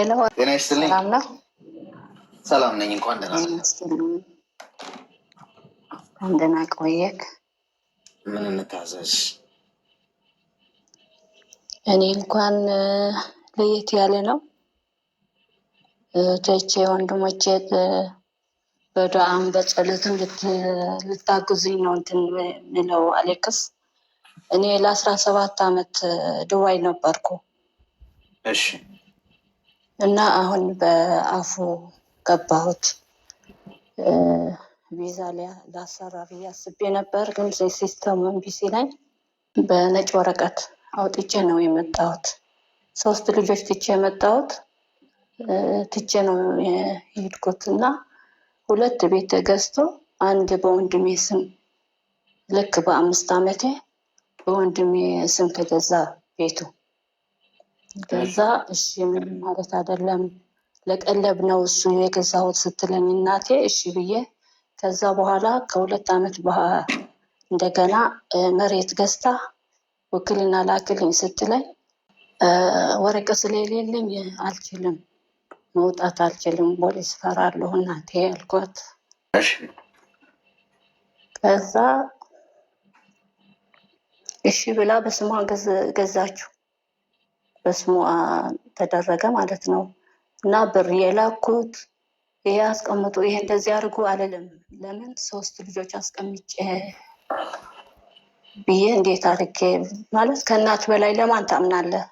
ጤና ይስጥልኝ። ሰላም ሰላም ነኝ። እንኳን ደህና ደህና ቆየክ። ምን እንታዘዝ? እኔ እንኳን ለየት ያለ ነው። እህቶቼ ወንድሞቼ በዱዓም በጸሎትም ልታግዙኝ ነው እንትን ምለው አሌክስ። እኔ ለአስራ ሰባት አመት ዱባይ ነበርኩ። እሺ እና አሁን በአፉ ገባሁት ቪዛ ላሰራ ብዬ አስቤ ነበር፣ ግን ሲስተሙ እምቢ ሲለኝ በነጭ ወረቀት አውጥቼ ነው የመጣሁት። ሶስት ልጆች ትቼ የመጣሁት ትቼ ነው የሄድኩት እና ሁለት ቤት ተገዝቶ አንድ በወንድሜ ስም ልክ በአምስት ዓመቴ በወንድሜ ስም ተገዛ ቤቱ። ከዛ እሺ ምንም ማለት አይደለም ለቀለብ ነው እሱ የገዛሁት ስትለኝ እናቴ እሺ ብዬ ከዛ በኋላ ከሁለት ዓመት እንደገና መሬት ገዝታ ውክልና ላክልኝ ስትለኝ ወረቀት ስለሌለኝ አልችልም፣ መውጣት አልችልም፣ ፖሊስ ፈራለሁ እናቴ አልኳት። ከዛ እሺ ብላ በስሟ ገዛችው። በስሟ ተደረገ ማለት ነው። እና ብር የላኩት ይሄ አስቀምጡ፣ ይሄ እንደዚህ አድርጉ አልልም። ለምን ሶስት ልጆች አስቀምጬ ብዬ እንዴት አድርጌ ማለት ከእናት በላይ ለማን ታምናለህ?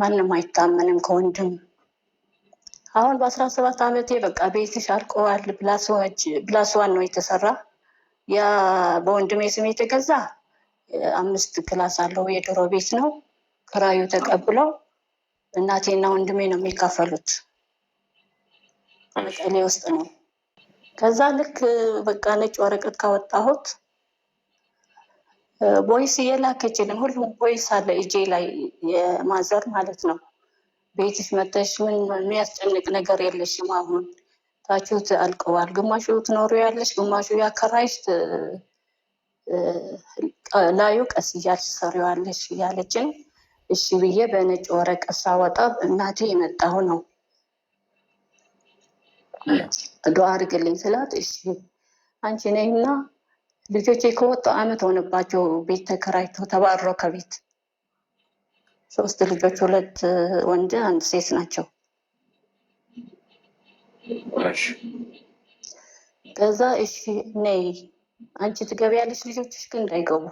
ማንም አይታመንም ከወንድም አሁን በአስራ ሰባት ዓመቴ በቃ ቤትሽ አልቀዋል ብላስዋን ነው የተሰራ። ያ በወንድሜ ስም የተገዛ አምስት ክላስ አለው የድሮ ቤት ነው። ክራዩ ተቀብለው እናቴና ወንድሜ ነው የሚካፈሉት። መቀሌ ውስጥ ነው። ከዛ ልክ በቃ ነጭ ወረቀት ካወጣሁት ቦይስ እየላከችልኝ ሁሉም ቦይስ አለ እጄ ላይ የማዘር ማለት ነው። ቤትሽ መተሽ ምን የሚያስጨንቅ ነገር የለሽም። አሁን ታችሁት አልቀዋል። ግማሹ ትኖሩ ያለሽ፣ ግማሹ ያከራይሽ፣ ላዩ ቀስ እያልሽ ሰሪዋለሽ እያለችን እሺ ብዬ በነጭ ወረቀት ሳወጣ እናቴ የመጣሁ ነው ዱዓ አድርግልኝ ስላት፣ እሺ አንቺ እና ልጆቼ ከወጡ አመት ሆነባቸው። ቤት ተከራይቶ ተባሮ ከቤት ሶስት ልጆች፣ ሁለት ወንድ አንድ ሴት ናቸው። ከዛ እሺ ነይ አንቺ ትገቢያለሽ፣ ልጆችሽ ግን እንዳይገቡ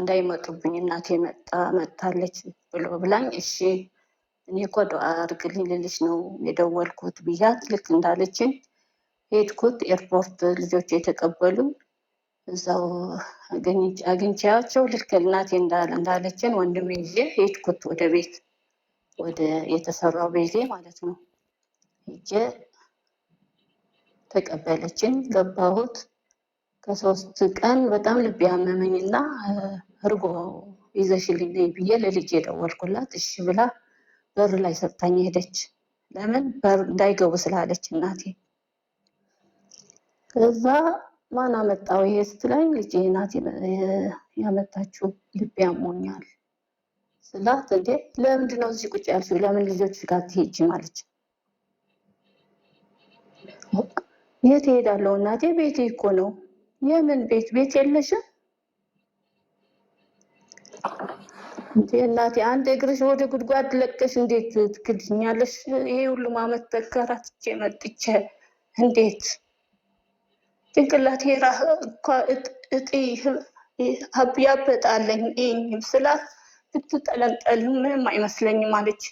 እንዳይመጡብኝ እናቴ መጣ መጣለች ብሎ ብላኝ፣ እሺ እኔ እኮ ዱዓ አድርግልኝ ልልሽ ነው የደወልኩት ብያት፣ ልክ እንዳለችን ሄድኩት። ኤርፖርት ልጆች የተቀበሉ እዛው አግኝቻያቸው ልክ እናቴ እንዳለችን ወንድም ይዤ ሄድኩት ወደ ቤት ወደ የተሰራው ቤቴ ማለት ነው። ሄጄ ተቀበለችን፣ ገባሁት ከሶስት ቀን በጣም ልብ ያመመኝና እርጎ ይዘሽልኝ ነይ ብዬ ለልጅ የደወልኩላት እሺ ብላ በር ላይ ሰጥታኝ ሄደች። ለምን በር እንዳይገቡ ስላለች እናቴ። ከዛ ማን አመጣው ይሄ ስትለኝ ልጄ ናት ያመጣችው ልብ ያሞኛል ስላት፣ እንዴ ለምንድን ነው እዚህ ቁጭ ያልሽው? ለምን ልጆች ጋር ትሄጂ ማለች። የት እሄዳለሁ እናቴ ቤቴ እኮ ነው የምን ቤት ቤት የለሽም እንዴ እናቴ? አንድ እግርሽ ወደ ጉድጓድ ለቀሽ እንዴት ትክድኛለሽ? ይሄ ሁሉ አመት ተከራትቼ መጥቼ እንዴት ጭንቅላት ሄራ እኳ እጢ ያበጣለኝ ይህም ስላት ብትጠለንጠል ምንም አይመስለኝም አለች።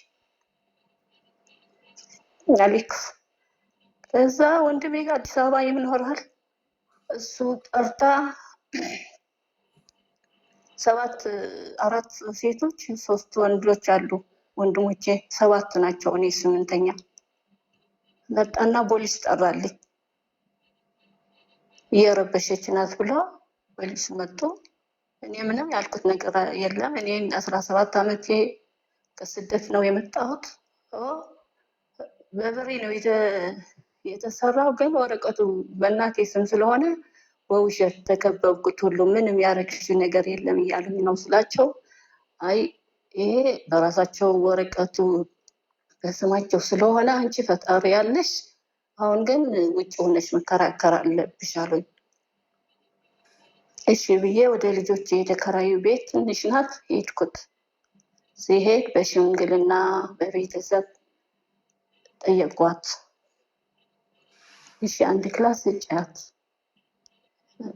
ያሌክ ከዛ ወንድሜ ጋር አዲስ አበባ ይምኖራል እሱ ጠርታ ሰባት አራት ሴቶች ሶስት ወንዶች አሉ ወንድሞቼ ሰባት ናቸው። እኔ ስምንተኛ መጣና ፖሊስ ጠራልኝ። እየረበሸች ናት ብሎ ፖሊስ መጡ እኔ ምንም ያልኩት ነገር የለም። እኔ አስራ ሰባት ዓመቴ ከስደት ነው የመጣሁት። በብሬ ነው የተሰራው ግን ወረቀቱ በእናቴ ስም ስለሆነ በውሸት ተከበብኩት። ሁሉ ምንም ያረግሽ ነገር የለም እያሉኝ ነው ስላቸው፣ አይ ይሄ በራሳቸው ወረቀቱ በስማቸው ስለሆነ አንቺ ፈጣሪ ያለሽ፣ አሁን ግን ውጭ ሆነሽ መከራከር አለብሽ አሉኝ። እሺ ብዬ ወደ ልጆች የተከራዩ ቤት ትንሽ ናት ሄድኩት። ሲሄድ በሽምግልና በቤተሰብ ጠየቋት። እሺ አንድ ክላስ ስጫት፣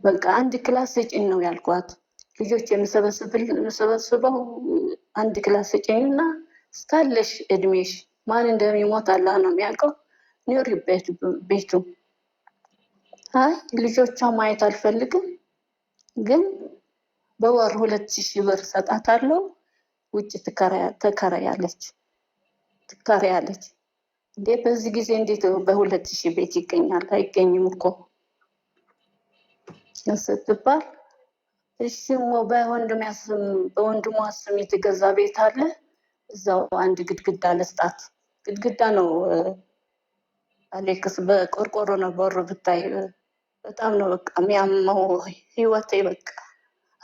በቃ አንድ ክላስ ስጭኝ ነው ያልኳት። ልጆች የምሰበስበው አንድ ክላስ ስጭኝና እስካለሽ እድሜሽ ማን እንደሚሞት አላህ ነው የሚያውቀው፣ ኑሪ ቤቱ። አይ ልጆቿ ማየት አልፈልግም፣ ግን በወር ሁለት ሺህ ብር ሰጣታለሁ፣ ውጭ ትከራያለች ትከራያለች እንዴ በዚህ ጊዜ እንዴት በሁለት ሺህ ቤት ይገኛል? አይገኝም እኮ ስትባል እሺ በወንድሟ ስም የተገዛ ቤት አለ። እዛው አንድ ግድግዳ ለስጣት ግድግዳ ነው አሌክስ፣ በቆርቆሮ ነው በሩ ብታይ በጣም ነው በቃ የሚያመው ህይወቴ። በቃ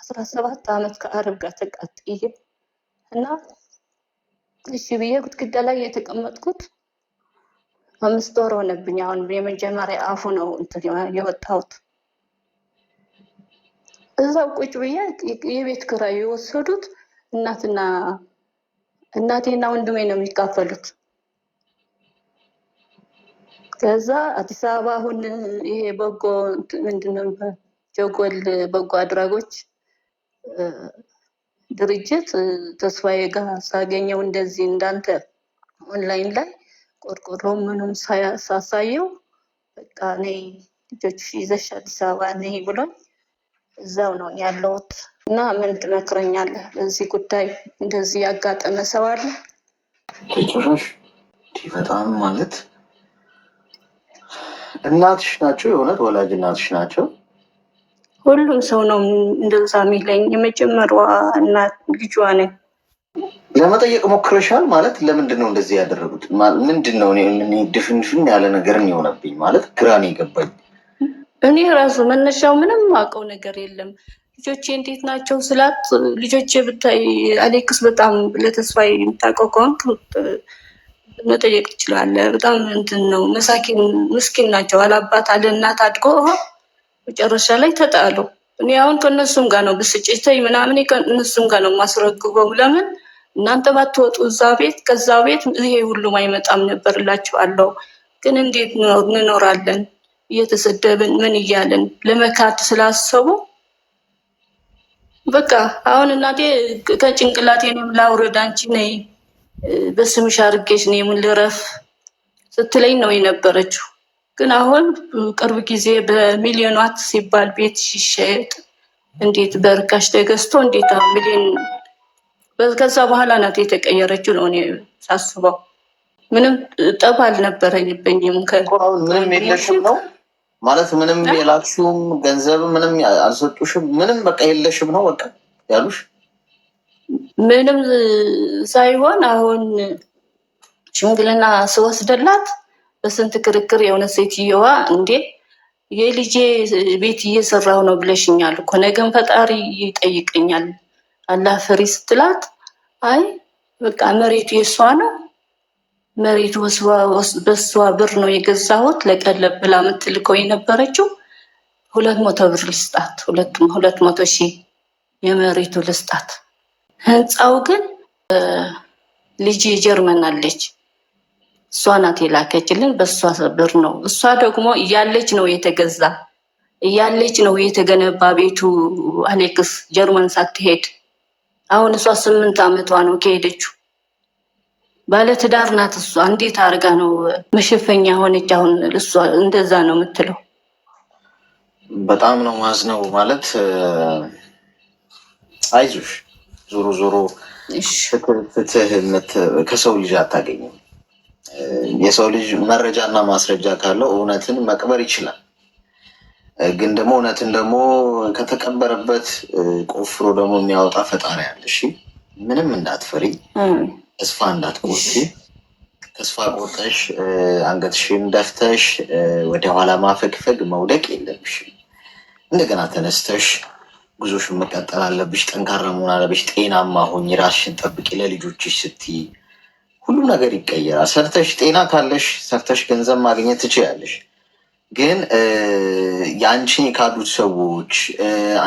አስራ ሰባት አመት ከአረብ ጋር ተቃጥዬ እና እሺ ብዬ ግድግዳ ላይ የተቀመጥኩት አምስት ወር ሆነብኝ። አሁን የመጀመሪያ አፉ ነው እንትን የወጣሁት። እዛው ቁጭ ብዬ የቤት ክራይ የወሰዱት እናትና እናቴና ወንድሜ ነው የሚካፈሉት። ከዛ አዲስ አበባ አሁን ይሄ በጎ ምንድነው ጀጎል በጎ አድራጎች ድርጅት ተስፋዬ ጋር ሳገኘው እንደዚህ እንዳንተ ኦንላይን ላይ ቆርቆሮ ምኑም ሳሳየው በቃ እኔ ልጆች ይዘሽ አዲስ አበባ ነይ ብሎኝ እዛው ነው ያለሁት። እና ምን ትመክረኛለህ በዚህ ጉዳይ? እንደዚህ ያጋጠመ ሰው አለ? ጭራሽ በጣም ማለት እናትሽ ናቸው፣ የእውነት ወላጅ እናትሽ ናቸው። ሁሉም ሰው ነው እንደዛ የሚለኝ። የመጀመሪያዋ እናት ልጇ ነኝ ለመጠየቅ ሞክረሻል ማለት ለምንድን ነው እንደዚህ ያደረጉት? ምንድን ነው ድፍንፍን ያለ ነገርን የሆነብኝ ማለት ግራ የገባኝ። እኔ ራሱ መነሻው ምንም አውቀው ነገር የለም። ልጆቼ እንዴት ናቸው ስላት ልጆቼ ብታይ አሌክስ በጣም ለተስፋ የምታውቀው ከሆንክ መጠየቅ ትችላለህ። በጣም እንትን ነው መሳኪን ምስኪን ናቸው። አላባት አለ እናት አድጎ መጨረሻ ላይ ተጣሉ። እኔ አሁን ከነሱም ጋር ነው ብስጭተኝ ምናምን ከነሱም ጋር ነው የማስረግበው። ለምን እናንተ ባትወጡ እዛ ቤት ከዛ ቤት ይሄ ሁሉም አይመጣም ነበር እላችኋለሁ። ግን እንዴት እንኖራለን? እየተሰደብን ምን እያለን ለመካድ ስላሰቡ በቃ አሁን እናቴ ከጭንቅላቴ ነው ላውረድ አንቺ ነይ በስምሽ አድርጌሽ እኔም ልረፍ ስትለኝ ነው የነበረችው። ግን አሁን ቅርብ ጊዜ ዋት ሲባል ቤት ሲሸጥ እንዴት በርካሽ ተገዝቶ እንዴት ሚሊዮን ከዛ በኋላ ናት የተቀየረችው ነው እኔ ሳስበው። ምንም ጠብ አልነበረኝብኝም። ምንም የለሽም ነው ማለት ምንም የላክሽውም ገንዘብ ምንም አልሰጡሽም፣ ምንም በቃ የለሽም ነው በቃ ያሉሽ ምንም ሳይሆን አሁን ሽምግልና ስወስደላት በስንት ክርክር የእውነት ሴትየዋ እንዴ የልጄ ቤት እየሰራሁ ነው ብለሽኛል እኮ ነገም ፈጣሪ ይጠይቀኛል አላህ ፍሪ ስትላት፣ አይ በቃ መሬቱ የእሷ ነው መሬቱ በእሷ ብር ነው የገዛሁት ለቀለብ ብላ የምትልከው የነበረችው ሁለት መቶ ብር ልስጣት፣ ሁለት መቶ ሺህ የመሬቱ ልስጣት። ህንፃው ግን ልጄ ጀርመን አለች። እሷ ናት የላከችልን። በእሷ ብር ነው። እሷ ደግሞ እያለች ነው የተገዛ እያለች ነው የተገነባ ቤቱ አሌክስ ጀርመን ሳትሄድ። አሁን እሷ ስምንት ዓመቷ ነው ከሄደችው። ባለትዳር ናት እሷ። እንዴት አድርጋ ነው መሸፈኛ ሆነች? አሁን እሷ እንደዛ ነው የምትለው። በጣም ነው ማዝነው። ማለት አይዞሽ፣ ዞሮ ዞሮ ፍትህ ከሰው ልጅ አታገኝም የሰው ልጅ መረጃና ማስረጃ ካለው እውነትን መቅበር ይችላል። ግን ደግሞ እውነትን ደግሞ ከተቀበረበት ቆፍሮ ደግሞ የሚያወጣ ፈጣሪ አለ። እሺ ምንም እንዳትፈሪ፣ ተስፋ እንዳትቆርጪ። ተስፋ ቆርጠሽ አንገትሽን ደፍተሽ ወደኋላ ማፈግፈግ መውደቅ የለብሽ። እንደገና ተነስተሽ ጉዞሽን መቀጠል አለብሽ። ጠንካራ መሆን አለብሽ። ጤናማ ሆኝ ራስሽን ጠብቂ፣ ለልጆችሽ ስትይ ሁሉ ነገር ይቀየራል። ሰርተሽ ጤና ካለሽ ሰርተሽ ገንዘብ ማግኘት ትችላለሽ። ግን የአንቺን የካዱት ሰዎች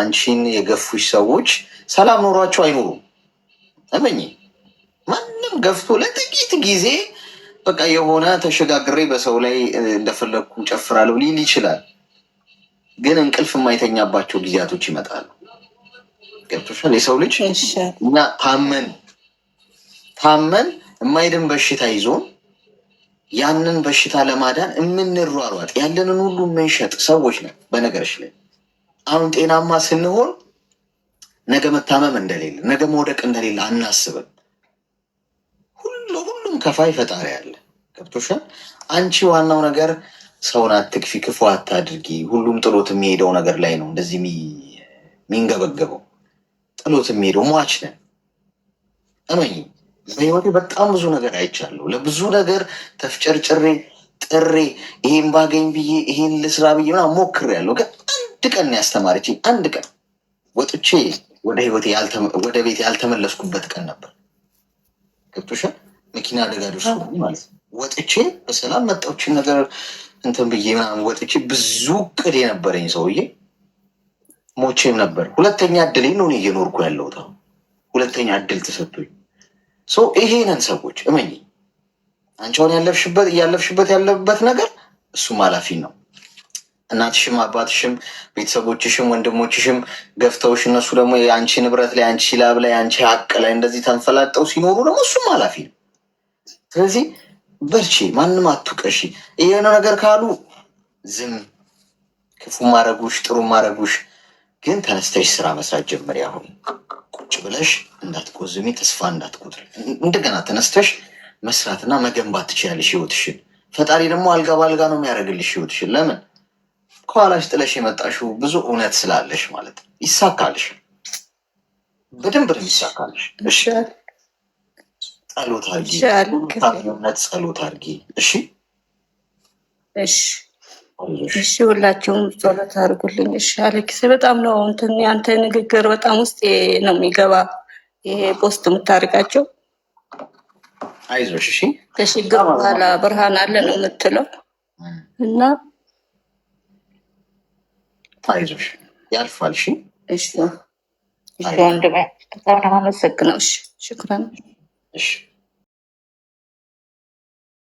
አንቺን የገፉሽ ሰዎች ሰላም ኖሯቸው አይኖሩም። እመኝ ማንም ገፍቶ ለጥቂት ጊዜ በቃ የሆነ ተሸጋግሬ በሰው ላይ እንደፈለግኩ ጨፍራለሁ ሊል ይችላል። ግን እንቅልፍ የማይተኛባቸው ጊዜያቶች ይመጣሉ። ገብቶሻል? የሰው ልጅ እና ታመን ታመን የማይድን በሽታ ይዞን ያንን በሽታ ለማዳን የምንሯሯጥ ያለንን ሁሉ የምንሸጥ ሰዎች ነን። በነገሮች ላይ አሁን ጤናማ ስንሆን ነገ መታመም እንደሌለ፣ ነገ መውደቅ እንደሌለ አናስብም። ሁሉ ሁሉም ከፋይ ፈጣሪ አለ። ገብቶሻል። አንቺ ዋናው ነገር ሰውን አትክፊ፣ ክፉ አታድርጊ። ሁሉም ጥሎት የሚሄደው ነገር ላይ ነው እንደዚህ የሚንገበገበው። ጥሎት የሚሄደው ሟች ነን። እመኝም በህይወቴ በጣም ብዙ ነገር አይቻለሁ። ለብዙ ነገር ተፍጨርጭሬ ጥሬ ይሄን ባገኝ ብዬ ይሄን ልስራ ብዬ ምናምን ሞክሬያለሁ። ግን አንድ ቀን ያስተማረችኝ አንድ ቀን ወጥቼ ወደ ህይወቴ ወደ ቤት ያልተመለስኩበት ቀን ነበር። ገብቶሻል? መኪና አደጋ ደርሶ ማለት ወጥቼ በሰላም መጣችን ነገር እንትን ብዬ ምናምን ወጥቼ ብዙ ቅድ የነበረኝ ሰውዬ ሞቼም ነበር። ሁለተኛ እድል ነው እየኖርኩ ያለሁት። ሁለተኛ እድል ተሰጥቶኝ ይሄንን ሰዎች እመኝ አንቻውን ያለፍሽበት እያለፍሽበት ያለበት ነገር እሱም ኃላፊ ነው። እናትሽም አባትሽም ቤተሰቦችሽም ወንድሞችሽም ገፍተውሽ እነሱ ደግሞ የአንቺ ንብረት ላይ አንቺ ላብ ላይ አንቺ ሀቅ ላይ እንደዚህ ተንፈላጠው ሲኖሩ ደግሞ እሱም ኃላፊ ነው። ስለዚህ በርቺ፣ ማንም አትውቀሽ። የሆነ ነገር ካሉ ዝም ክፉ ማረጉሽ ጥሩ ማረጉሽ፣ ግን ተነስተሽ ስራ መስራት ጀምሪ አሁን ቁጭ ብለሽ እንዳትቆዝሚ፣ ተስፋ እንዳትቆጥር፣ እንደገና ተነስተሽ መስራትና መገንባት ትችያለሽ ህይወትሽን። ፈጣሪ ደግሞ አልጋ በአልጋ ነው የሚያደርግልሽ ህይወትሽን። ለምን ከኋላሽ ጥለሽ የመጣሽው ብዙ እውነት ስላለሽ ማለት ነው። ይሳካልሽ፣ በደንብ ነው ይሳካልሽ። እሺ፣ ጸሎት አድርጊ፣ እውነት ጸሎት አርጊ። እሺ፣ እሺ። እሺ ሁላችሁም ጸሎት አድርጉልኝ። እሺ አሌክስ፣ በጣም ነው እንትን ያንተ ንግግር በጣም ውስጥ ነው የሚገባ። ይሄ ፖስት የምታርቃቸው አይዞሽ፣ እሺ ከችግር በኋላ ብርሃን አለ ነው የምትለው እና አይዞሽ፣ ያልፋል። እሺ እሺ፣ ወንድሜ በጣም ነው የማመሰግነው። እሺ ሽክረን። እሺ